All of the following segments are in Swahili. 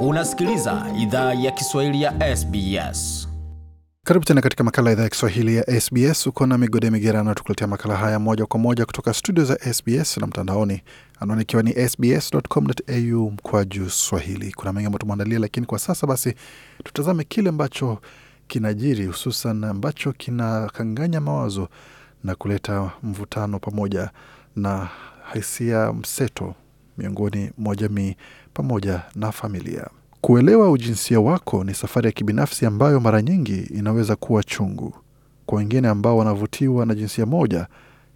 Unasikiliza idhaa ya Kiswahili ya SBS. Karibu tena katika makala idhaa ya Kiswahili ya SBS. Uko na Migode Migerano tukuletea makala haya moja kwa moja kutoka studio za SBS na mtandaoni, anwani ikiwa ni sbs.com.au mkwaju swahili. Kuna mengi ambayo tumeandalia, lakini kwa sasa basi tutazame kile ambacho kinajiri, hususan ambacho kinakanganya mawazo na kuleta mvutano pamoja na hisia mseto miongoni mwa jamii pamoja na familia. Kuelewa ujinsia wako ni safari ya kibinafsi ambayo mara nyingi inaweza kuwa chungu. Kwa wengine ambao wanavutiwa na jinsia moja,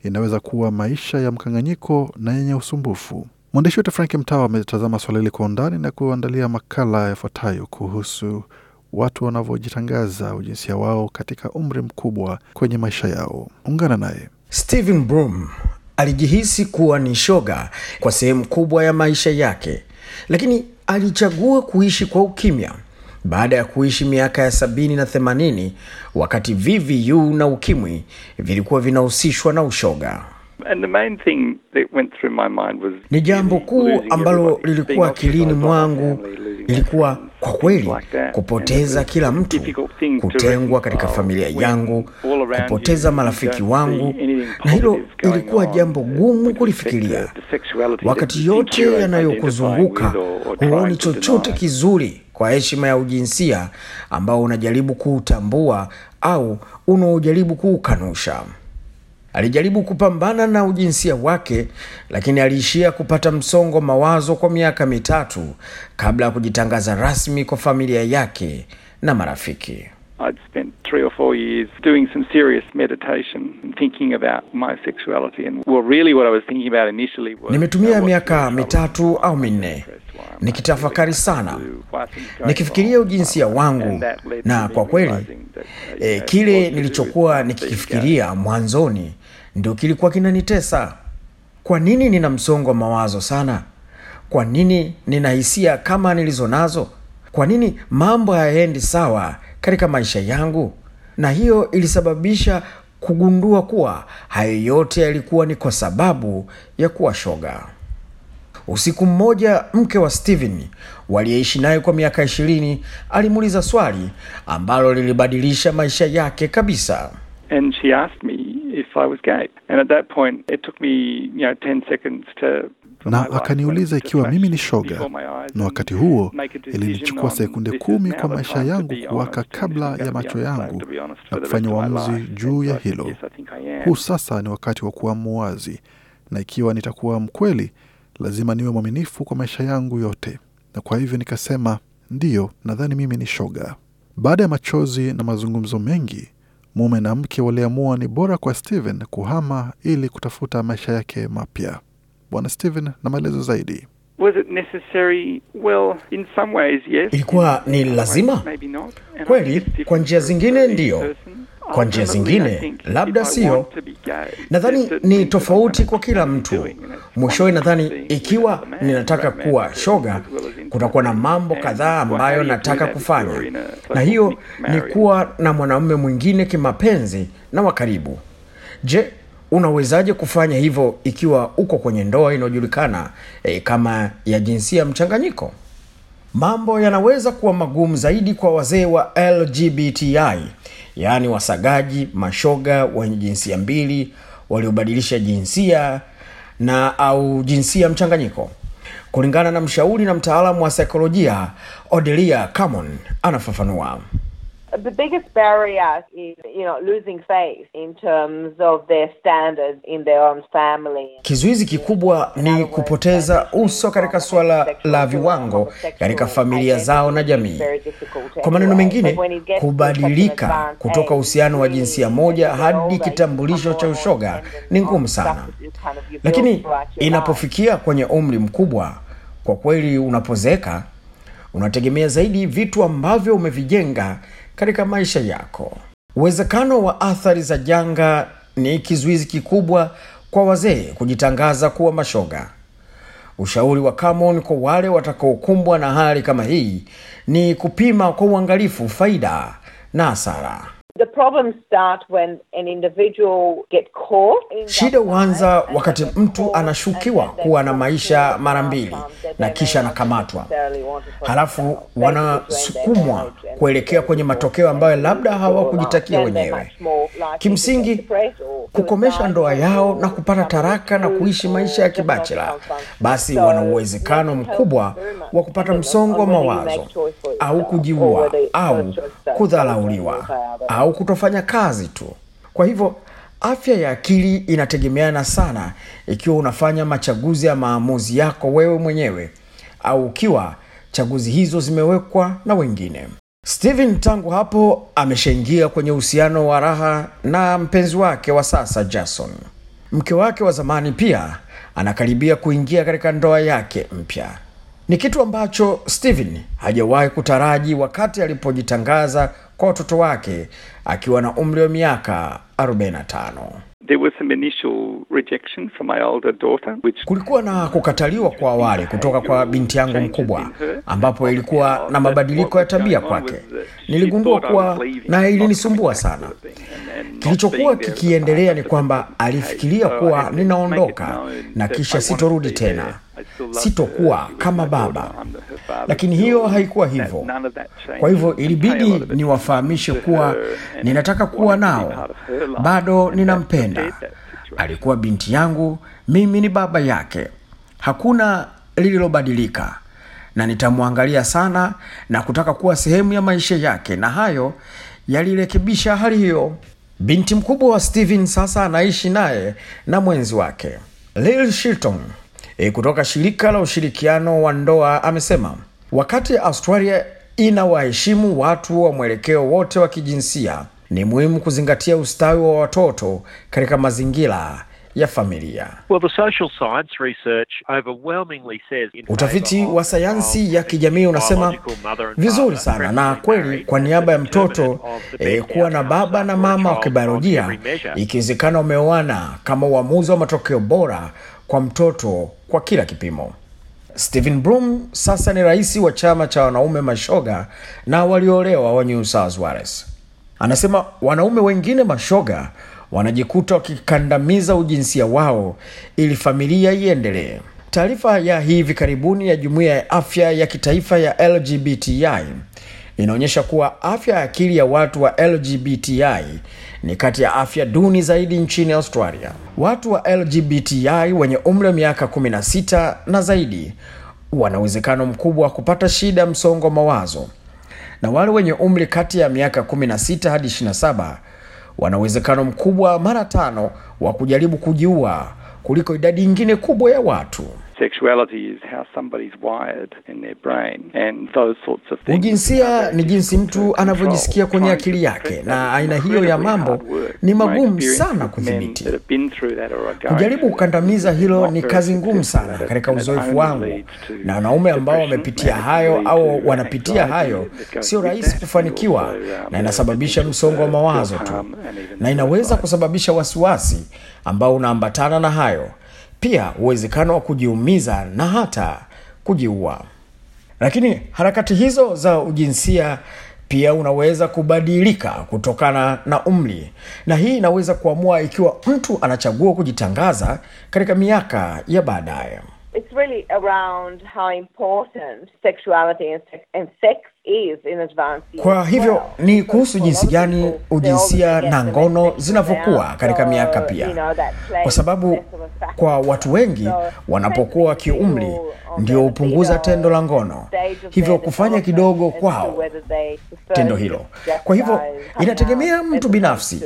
inaweza kuwa maisha ya mkanganyiko na yenye usumbufu. Mwandishi wetu Frank Mtawa ametazama swala hili kwa undani na kuandalia makala yafuatayo kuhusu watu wanavyojitangaza ujinsia wao katika umri mkubwa kwenye maisha yao. Ungana naye. Stephen Brum Alijihisi kuwa ni shoga kwa sehemu kubwa ya maisha yake, lakini alichagua kuishi kwa ukimya baada ya kuishi miaka ya sabini na themanini wakati VVU na ukimwi vilikuwa vinahusishwa na ushoga. ni jambo kuu ambalo lilikuwa akilini mwangu ilikuwa kwa kweli kupoteza kila mtu, kutengwa katika familia yangu, kupoteza marafiki wangu, na hilo ilikuwa jambo gumu kulifikiria. Wakati yote yanayokuzunguka huoni chochote kizuri kwa heshima ya ujinsia ambao unajaribu kuutambua au unaojaribu kuukanusha. Alijaribu kupambana na ujinsia wake lakini aliishia kupata msongo mawazo kwa miaka mitatu kabla ya kujitangaza rasmi kwa familia yake na marafiki. I'd spent three or four years doing some serious meditation and thinking about my sexuality and well really what I was thinking about initially was Nimetumia miaka mitatu au minne nikitafakari sana nikifikiria ujinsia wangu na kwa kweli e, kile nilichokuwa nikikifikiria mwanzoni ndio kilikuwa kinanitesa kwa nini nina msongo wa mawazo sana kwa nini nina hisia kama nilizo nazo kwa nini mambo hayaendi sawa katika maisha yangu na hiyo ilisababisha kugundua kuwa hayo yote yalikuwa ni kwa sababu ya kuwa shoga usiku mmoja mke wa steven waliyeishi naye kwa miaka ishirini alimuuliza swali ambalo lilibadilisha maisha yake kabisa And she asked me, na akaniuliza ikiwa mimi ni shoga, na wakati huo ilinichukua sekunde kumi kwa maisha yangu kuwaka kabla ya macho yangu na kufanya uamuzi juu ya hilo. Huu sasa ni wakati wa kuwa muwazi, na ikiwa nitakuwa mkweli, lazima niwe mwaminifu kwa maisha yangu yote, na kwa hivyo nikasema ndiyo, nadhani mimi ni shoga. Baada ya machozi na mazungumzo mengi, Mume na mke waliamua ni bora kwa Steven kuhama ili kutafuta maisha yake mapya. Bwana Steven na maelezo zaidi. Was it necessary? Well, in some ways, yes. Ilikuwa ni lazima kweli, kwa njia zingine ndiyo, kwa njia zingine labda siyo. Nadhani ni tofauti kwa kila mtu. Mwishowe nadhani ikiwa ninataka kuwa shoga kutakuwa na mambo kadhaa ambayo nataka kufanya, na hiyo ni kuwa na mwanaume mwingine kimapenzi na wa karibu. Je, unawezaje kufanya hivyo ikiwa uko kwenye ndoa inayojulikana e, kama ya jinsia mchanganyiko? Mambo yanaweza kuwa magumu zaidi kwa wazee wa LGBTI, yaani wasagaji, mashoga wenye jinsia mbili waliobadilisha jinsia na au jinsia mchanganyiko kulingana na mshauri na mtaalamu wa saikolojia Odelia Camon anafafanua. The biggest barrier is, you know, losing faith in terms of their standards in their own family. Kizuizi kikubwa ni kupoteza uso katika suala la viwango katika familia zao na jamii. Kwa maneno mengine, kubadilika kutoka uhusiano wa jinsia moja hadi kitambulisho cha ushoga ni ngumu sana, lakini inapofikia kwenye umri mkubwa, kwa kweli unapozeeka unategemea zaidi vitu ambavyo umevijenga katika maisha yako uwezekano wa athari za janga ni kizuizi kikubwa kwa wazee kujitangaza kuwa mashoga ushauri wa camon kwa wale watakaokumbwa na hali kama hii ni kupima kwa uangalifu faida na hasara Shida huanza wakati mtu anashukiwa kuwa na maisha mara mbili na kisha anakamatwa, halafu wanasukumwa kuelekea kwenye matokeo ambayo labda hawakujitakia wenyewe. Kimsingi, kukomesha ndoa yao na kupata taraka na kuishi maisha ya kibachela, basi wana uwezekano mkubwa wa kupata msongo wa mawazo au kujiua au kudhalauliwa au kutofanya kazi tu. Kwa hivyo afya ya akili inategemeana sana ikiwa unafanya machaguzi ya maamuzi yako wewe mwenyewe au ukiwa chaguzi hizo zimewekwa na wengine steven tangu hapo ameshaingia kwenye uhusiano wa raha na mpenzi wake wa sasa jason mke wake wa zamani pia anakaribia kuingia katika ndoa yake mpya ni kitu ambacho steven hajawahi kutaraji wakati alipojitangaza kwa watoto wake akiwa na umri wa miaka 45. Kulikuwa na kukataliwa kwa awali kutoka kwa binti yangu mkubwa, ambapo ilikuwa na mabadiliko ya tabia kwake. Niligundua kuwa na ilinisumbua sana. Kilichokuwa kikiendelea ni kwamba alifikiria kuwa ninaondoka na kisha sitorudi tena, sitokuwa kama baba lakini hiyo haikuwa hivyo. Kwa hivyo ilibidi niwafahamishe kuwa uh, ninataka kuwa nao, bado ninampenda. Alikuwa binti yangu, mimi ni baba yake. Hakuna lililobadilika na nitamwangalia sana na kutaka kuwa sehemu ya maisha yake, na hayo yalirekebisha hali hiyo. Binti mkubwa wa Steven sasa anaishi naye na mwenzi wake Lil Shilton e, kutoka shirika la ushirikiano wa ndoa amesema wakati Australia ina waheshimu watu wa mwelekeo wote wa kijinsia, ni muhimu kuzingatia ustawi wa watoto katika mazingira ya familia. Well, utafiti wa sayansi ya kijamii unasema vizuri sana na kweli, kwa niaba ya mtoto e, kuwa na baba na mama wa kibiolojia, ikiwezekana umeoana, kama uamuzi wa matokeo bora kwa mtoto kwa kila kipimo. Stephen Bloom sasa ni rais wa chama cha wanaume mashoga na walioolewa wa New South Wales. Anasema wanaume wengine mashoga wanajikuta wakikandamiza ujinsia wao ili familia iendelee. Taarifa ya hivi karibuni ya Jumuiya ya Afya ya Kitaifa ya LGBTI inaonyesha kuwa afya ya akili ya watu wa LGBTI ni kati ya afya duni zaidi nchini Australia. Watu wa LGBTI wenye umri wa miaka 16 na zaidi wana uwezekano mkubwa wa kupata shida msongo wa mawazo, na wale wenye umri kati ya miaka 16 hadi 27 wana uwezekano mkubwa mara tano wa kujaribu kujiua kuliko idadi nyingine kubwa ya watu sexuality is how somebody's wired in their brain and those sorts of things. Ujinsia ni jinsi mtu anavyojisikia kwenye akili yake, na aina hiyo ya mambo ni magumu sana kudhibiti. Kujaribu kukandamiza hilo ni kazi ngumu sana katika uzoefu wangu, na wanaume ambao wamepitia hayo au wanapitia hayo, sio rahisi kufanikiwa, um, na inasababisha msongo wa mawazo tu, na inaweza kusababisha wasiwasi ambao unaambatana na hayo pia uwezekano wa kujiumiza na hata kujiua. Lakini harakati hizo za ujinsia pia unaweza kubadilika kutokana na umri, na hii inaweza kuamua ikiwa mtu anachagua kujitangaza katika miaka ya baadaye it's really around how important sexuality and sex is in Kwa hivyo ni kuhusu jinsi gani ujinsia na ngono zinavyokuwa katika miaka pia, kwa sababu kwa watu wengi wanapokuwa kiumri ndio hupunguza tendo la ngono, hivyo kufanya kidogo kwao tendo hilo. Kwa hivyo inategemea mtu binafsi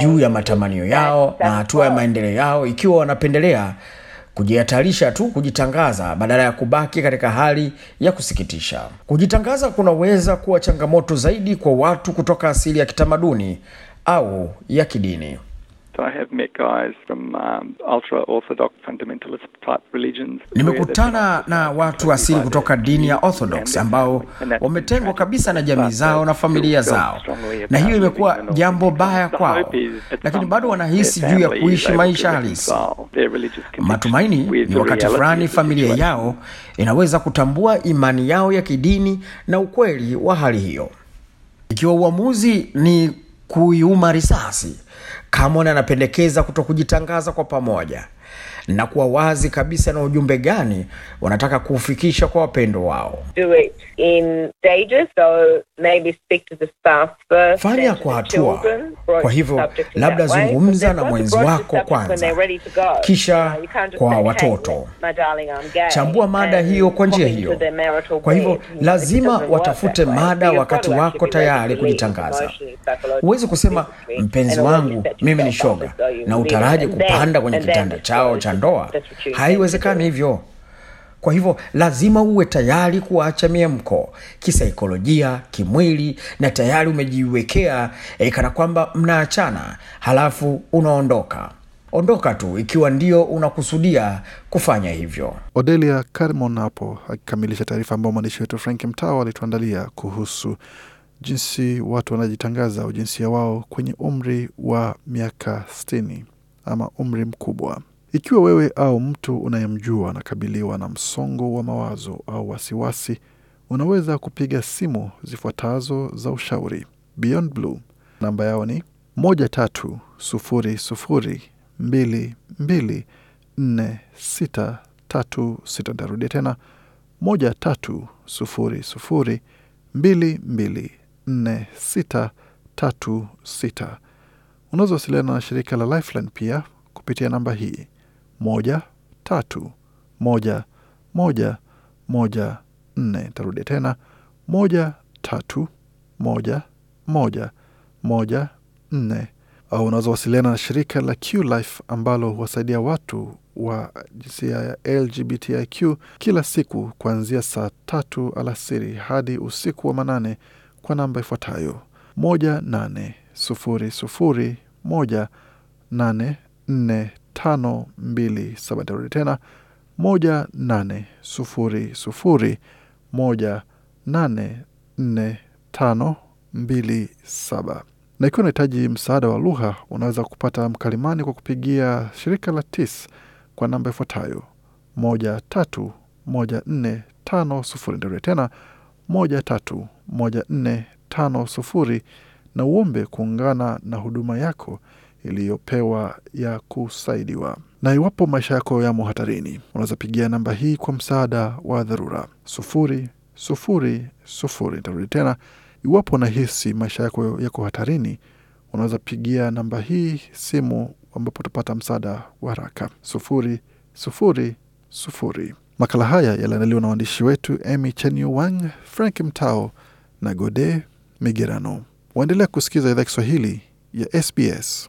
juu ya matamanio yao na hatua ya maendeleo yao, ikiwa wanapendelea kujihatarisha tu kujitangaza badala ya kubaki katika hali ya kusikitisha. Kujitangaza kunaweza kuwa changamoto zaidi kwa watu kutoka asili ya kitamaduni au ya kidini. Um, Nimekutana na watu asili kutoka dini ya Orthodox ambao wametengwa kabisa na jamii zao na familia zao, na hiyo imekuwa jambo baya kwao, lakini bado wanahisi juu ya kuishi maisha halisi. Matumaini ni wakati fulani familia yao inaweza kutambua imani yao ya kidini na ukweli wa hali hiyo, ikiwa uamuzi ni kuiuma risasi. Camon anapendekeza kuto kujitangaza kwa pamoja na kuwa wazi kabisa na ujumbe gani wanataka kuufikisha kwa wapendo wao. Do it in stages, so Fanya kwa hatua. Kwa hivyo labda zungumza na mwenzi wako kwanza, kisha kwa watoto. Chambua mada hiyo kwa njia hiyo. Kwa hivyo lazima watafute mada wakati wako tayari kujitangaza. Huwezi kusema mpenzi wangu, mimi ni shoga, na utaraji kupanda kwenye kitanda chao cha ndoa. Haiwezekani hivyo kwa hivyo lazima uwe tayari kuwaacha miamko kisaikolojia kimwili na tayari umejiwekea e, kana kwamba mnaachana halafu unaondoka ondoka tu ikiwa ndio unakusudia kufanya hivyo. Odelia Carmon hapo akikamilisha taarifa ambayo mwandishi wetu Frank Mtao alituandalia kuhusu jinsi watu wanajitangaza ujinsia wao kwenye umri wa miaka 6 ama umri mkubwa. Ikiwa wewe au mtu unayemjua anakabiliwa na msongo wa mawazo au wasiwasi, unaweza kupiga simu zifuatazo za ushauri Beyond Blue. Namba yao ni sita. Tarudia tena 1300224636. Unaweza wasiliana na shirika la Lifeline pia kupitia namba hii moja tatu moja moja moja nne. Tarudi tena moja tatu moja moja moja nne. Au unaweza wasiliana na shirika la QLife ambalo huwasaidia watu wa jinsia ya LGBTIQ kila siku kuanzia saa tatu alasiri hadi usiku wa manane kwa namba ifuatayo moja nane sufuri sufuri moja nane nne tano mbili saba. Tarudi tena moja nane sufuri sufuri moja nane nne tano mbili saba. Na ikiwa unahitaji msaada wa lugha, unaweza kupata mkalimani kwa kupigia shirika la TIS kwa namba ifuatayo moja tatu moja nne tano sufuri. ndarudi tena moja tatu moja nne tano sufuri, na uombe kuungana na huduma yako iliyopewa ya kusaidiwa. Na iwapo maisha yako yamo hatarini, unaweza pigia namba hii kwa msaada wa dharura sufuri sufuri sufuri. Nitarudi tena, iwapo unahisi maisha yako yako hatarini, unaweza pigia namba hii simu ambapo utapata msaada wa haraka sufuri sufuri sufuri. Makala haya yaliandaliwa na waandishi wetu Emy Chenyu Wang, Frank Mtao na Gode Migerano. Waendelea kusikiza idhaa Kiswahili ya SBS.